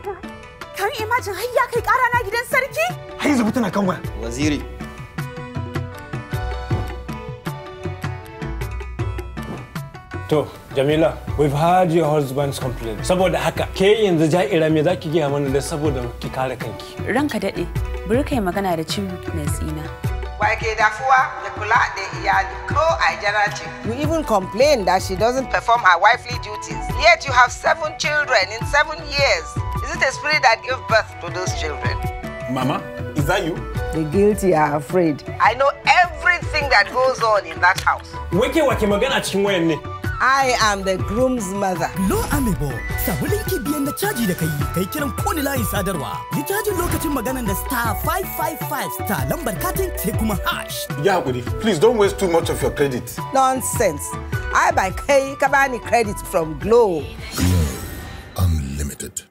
haka kan imajin har ya kai ƙara na gidan sarki har yanzu tana kan waya waziri To, Jamila, we've heard your husband's complaint. Saboda haka, ke yanzu ja'ira me za ki gaya mana da saboda ki kare kanki. Ranka daɗe, bari kai magana da cin mai tsina. Wai ke dafuwa da kula da iyali ko a ce. You even complain that she doesn't perform her wifely duties. Yet you have seven children in seven years. Is it a spirit that gave birth to those children? Mama, is that you? The guilty are afraid. I know everything that goes on in that house. Wake wake magana cikin I am the groom's mother. Lo Amibo, sabulin ki biyan na caji da kai, kai kiran kowane layin sadarwa. Yi caji lokacin maganan da star 555 star lambar katin sai kuma hash. Ya hakuri, please don't waste too much of your credit. Nonsense. I buy kai ka bani credit from Glow. Glow Unlimited.